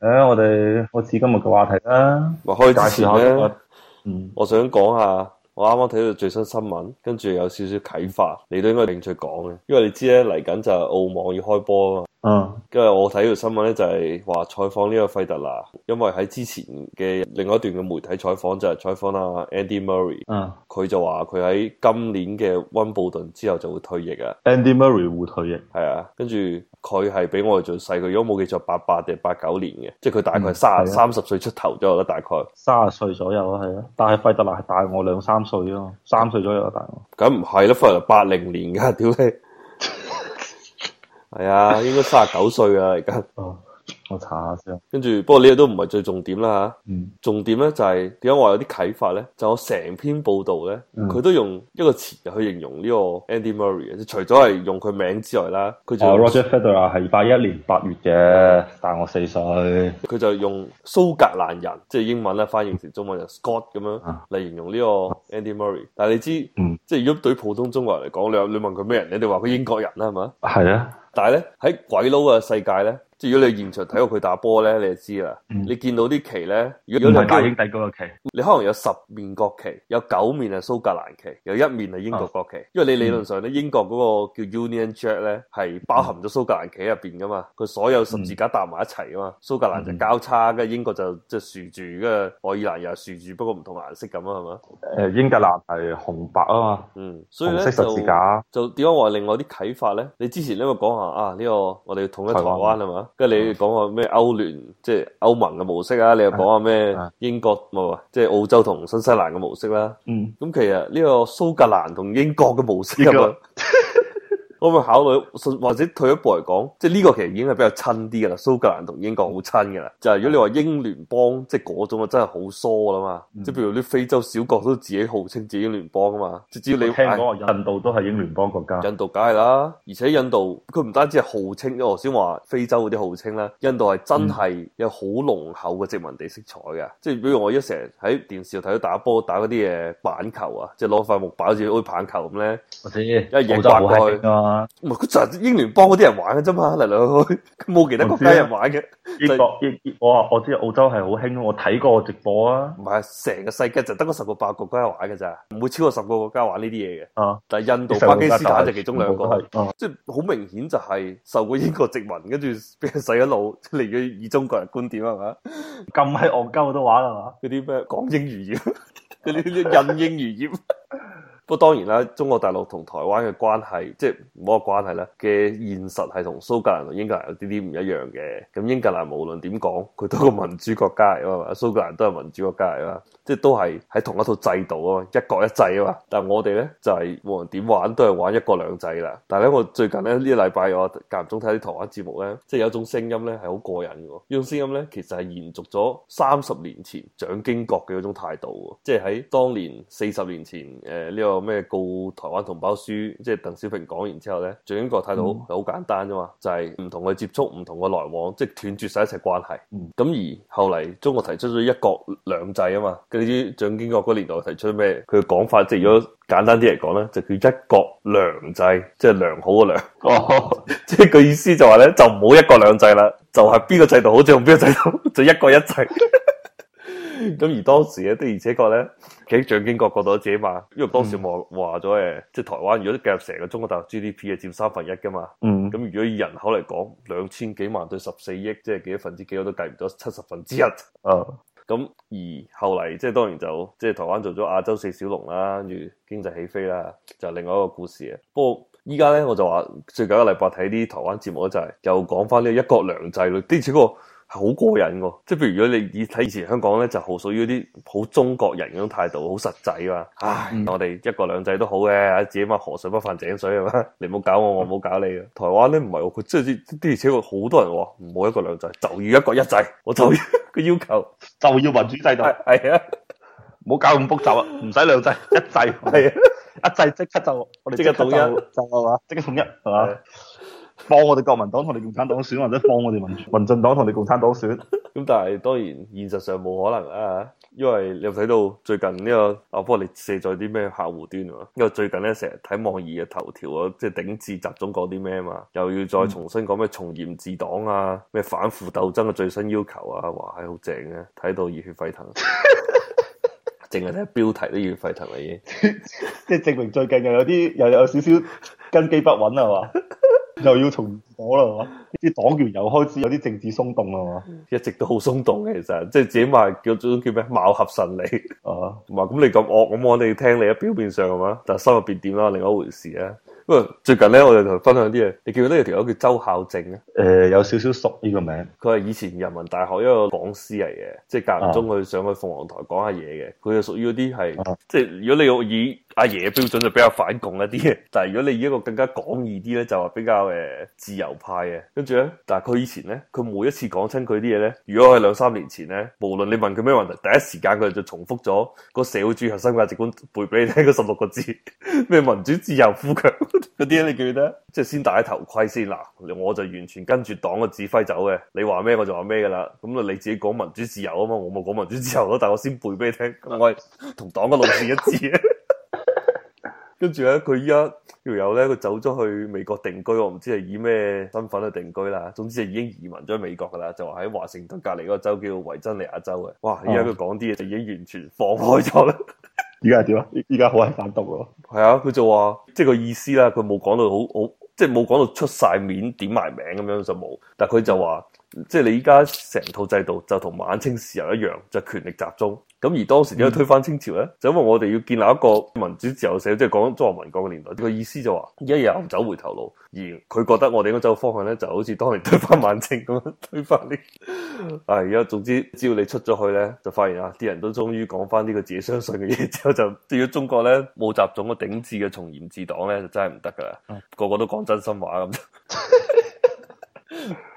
誒，我哋、呃、開始今日嘅話題啦，咪開始咧。嗯，我想講下，我啱啱睇到最新新聞，跟住有少少啟發，你都應該有興趣講嘅，因為你知咧嚟緊就係澳網要開波啊嘛。嗯，跟住我睇條新聞咧，就係話採訪呢個費德拿，因為喺之前嘅另外一段嘅媒體採訪就係、是、採訪阿、啊、Andy Murray，嗯，佢就話佢喺今年嘅溫布頓之後就會退役啊。Andy Murray 會退役，係啊，跟住佢係比我哋仲細，佢如果冇記錯八八定八九年嘅，即係佢大概卅三十歲出頭咗啦，大概卅歲左右咯，係啊，啊，但係費德拿係大我兩三歲咯，三歲左右大我。咁唔係咯，費德拿八零年㗎，屌你！係啊、 哎，應該三十九歲啊，而家。 我查下先，跟住，不過呢個都唔係最重點啦嚇。嗯，重點咧就係點解話有啲啟發咧？就我成篇報道咧，佢都用一個詞去形容呢個 Andy Murray 嘅，除咗係用佢名之外啦，佢就 Roger Federer 係八一年八月嘅，大我四歲。佢就用蘇格蘭人，即係英文咧翻譯成中文就 Scott 咁樣嚟形容呢個 Andy Murray。但係你知，即係如果對普通中國人嚟講，你你問佢咩人，你哋話佢英國人啦，係嘛？係啊。但係咧喺鬼佬嘅世界咧，即係如果你現場。睇到佢打波咧，你就知啦。嗯、你見到啲旗咧，如果唔係英帝嗰個旗，你可能有十面國旗，有九面係蘇格蘭旗，有一面係英國國旗。啊、因為你理論上咧，嗯、英國嗰個叫 Union Jack 咧，係包含咗蘇格蘭旗入邊噶嘛。佢所有十字架搭埋一齊噶嘛。嗯、蘇格蘭就交叉，跟住英國就即係豎住，跟住愛爾蘭又豎住，不過唔同顏色咁啊，係嘛？誒，英格蘭係紅白嘛啊嘛。嗯，紅色十字架。就點解我話另外啲啟發咧？你之前因為講下啊呢個我哋統一台灣係嘛？跟住你講我。咩歐聯即係歐盟嘅模式啊，你又講下咩英國冇啊即係澳洲同新西蘭嘅模式啦。嗯，咁其實呢個蘇格蘭同英國嘅模式。可唔可以考慮或者退一步嚟講，即係呢個其實已經係比較親啲㗎喇。蘇格蘭同英國好親㗎喇，就係、是、如果你話英聯邦，即係嗰種啊，真係好疏啦嘛。嗯、即係譬如啲非洲小國都自己號稱自己聯邦啊嘛。即係只要你聽講印度都係英聯邦國家。哎、印度梗係啦，而且印度佢唔單止係號稱，因為我先話非洲嗰啲號稱啦，印度係真係有好濃厚嘅殖民地色彩嘅。嗯、即係比如我一成日喺電視睇到打波打嗰啲嘢板球啊，即係攞塊木板好似好似棒球咁咧，或者一嘢刮開。者唔係佢就係英聯邦嗰啲人玩嘅啫嘛，嚟嚟去去，冇其他國家人玩嘅。英國英哇，我話我知道澳洲係好興，我睇過直播啊。唔係，成個世界就得嗰十個八個國家玩嘅咋，唔會超過十個國家玩呢啲嘢嘅。啊，但係印度、就是、巴基斯坦就其中兩個係，即係好明顯就係受過英國殖民，跟住俾人洗咗腦嚟嘅，以中國人觀點係嘛？咁閪戇鳩都玩啦嘛？嗰啲咩講英語嘅，嗰 啲印英語嘅。 不過當然啦，中國大陸同台灣嘅關係，即係冇乜關係啦，嘅現實係同蘇格蘭同英格蘭有啲啲唔一樣嘅。咁英格蘭無論點講，佢都係個民主國家嚟㗎嘛，蘇格蘭都係民主國家嚟㗎嘛。即係都係喺同一套制度啊嘛，一國一制啊嘛。但係我哋咧就係無論點玩，都係玩一國兩制啦。但係咧，我最近咧呢一禮拜，我間中睇啲台灣節目咧，即係有一種聲音咧係好過癮嘅喎。呢種聲音咧其實係延續咗三十年前蔣經國嘅嗰種態度喎。即係喺當年四十年前，誒呢個咩告台灣同胞書，即係鄧小平講完之後咧，蔣經國態度係好簡單啫嘛，就係唔同佢接觸、唔同佢來往，即係斷絕晒一切關係。咁而後嚟，中國提出咗一國兩制啊嘛。你知蔣經國嗰年代提出咩？佢嘅講法即係如果簡單啲嚟講咧，就叫一國良制，即係良好嘅良。 哦，即係佢意思就話咧，就唔好一國兩制啦，就係邊個制度好似用邊個制度， 就一國一制。咁 而當時咧，的而且確咧，其實蔣經國覺得自己嘛，因為當時話話咗誒，嗯、即係台灣如果計入成個中國大陸 GDP 係，佔三分一噶嘛。嗯。咁如果以人口嚟講，兩千幾萬對十四億，即係幾多分之幾我都計唔到七十分之一、嗯。啊。咁而後嚟，即係當然就即係台灣做咗亞洲四小龍啦，跟住經濟起飛啦，就係、另外一個故事啊。不過依家咧，我就話最近一個禮拜睇啲台灣節目咧、就係，就係又講翻呢個一國兩制咯。啲似嗰個。係好過癮嘅，即係譬如如果你以睇以前香港咧，就好屬於嗰啲好中國人嗰種態度，好實際啊！唉，我哋一國兩制都好嘅、啊，自己嘛河水不犯井水係、啊、嘛，你唔好搞我，我唔好搞你啊！台灣咧唔係喎，佢即係啲而且好多人話唔好一國兩制，就要一國一制，我就要個要求就要民主制度，係啊，唔好搞咁複雜啊，唔使兩制一制，係、啊啊、一制即刻就我哋即刻統一就係嘛，即刻統一係嘛。放我哋國民黨同你共產黨選，或者放我哋民民進黨同你共產黨選，咁 但係當然現實上冇可能啊，因為你又睇到最近呢、這個阿波、啊、你卸載啲咩客戶端啊，因為最近咧成日睇網易嘅頭條啊，即係頂置集中講啲咩啊，嘛，又要再重新講咩從嚴治黨啊，咩反腐鬥爭嘅最新要求啊，哇係好正啊，睇到熱血沸騰，淨係睇標題都熱血沸騰啦，已經即係證明最近又有啲又,又有少少根基不穩啦嘛。 又要重火啦，係嘛？呢啲黨員又開始有啲政治鬆動啦，係嘛？一直都好鬆動嘅，其實即係自己話叫做叫咩貌合神離，」 啊。話咁、啊、你咁惡，咁我哋要聽你喺表面上係嘛，但係心入邊點啦，另外一回事啊。不過，最近咧，我哋同分享啲嘢，你記唔記得有條友叫周孝正咧？誒、呃，有少少熟呢個名。佢係、嗯嗯、以前人民大學一個講師嚟嘅，即係間唔中去上去鳳凰台講下嘢嘅。佢就屬於嗰啲係，嗯、即係如果你要以。阿爺嘅標準就比較反共一啲，嘅。但係如果你以一個更加廣義啲咧，就話比較誒、呃、自由派嘅，跟住咧，但係佢以前咧，佢每一次講親佢啲嘢咧，如果喺兩三年前咧，無論你問佢咩問題，第一時間佢就重複咗個社會主義核心價值觀背俾你聽嗰十六個字，咩民主自由富強嗰啲 你記唔記得？即係先戴頭盔先嗱，我就完全跟住黨嘅指揮走嘅，你話咩我就話咩噶啦，咁啊你自己講民主自由啊嘛，我冇講民主自由咯，但係我先背俾你聽，我係同黨嘅老字一致。 跟住咧，佢依家條友咧，佢走咗去美國定居，我唔知係以咩身份去定居啦。總之係已經移民咗美國噶啦，就話喺華盛頓隔籬個州叫做維珍尼亞州嘅。哇，依家佢講啲嘢，就已經完全放開咗啦。依家係點啊？依家好係反動咯。係啊，佢就話，即係個意思啦。佢冇講到好，好即係冇講到出晒面點埋名咁樣就冇。但係佢就話，即係你依家成套制度就同晚清時候一樣，就是，權力集中。咁而當時點解推翻清朝咧？就因為我哋要建立一個民主自由社，即係講中華民國嘅年代。這個意思就話，一日唔走回頭路。而佢覺得我哋應該走嘅方向咧，就好似當年推翻滿清咁樣推翻呢。係而家總之，只要你出咗去咧，就發現啊，啲人都終於講翻呢個自己相信嘅嘢。之後就，如果中國咧冇集中個頂置嘅從嚴治黨咧，就真係唔得噶啦。個個都講真心話咁。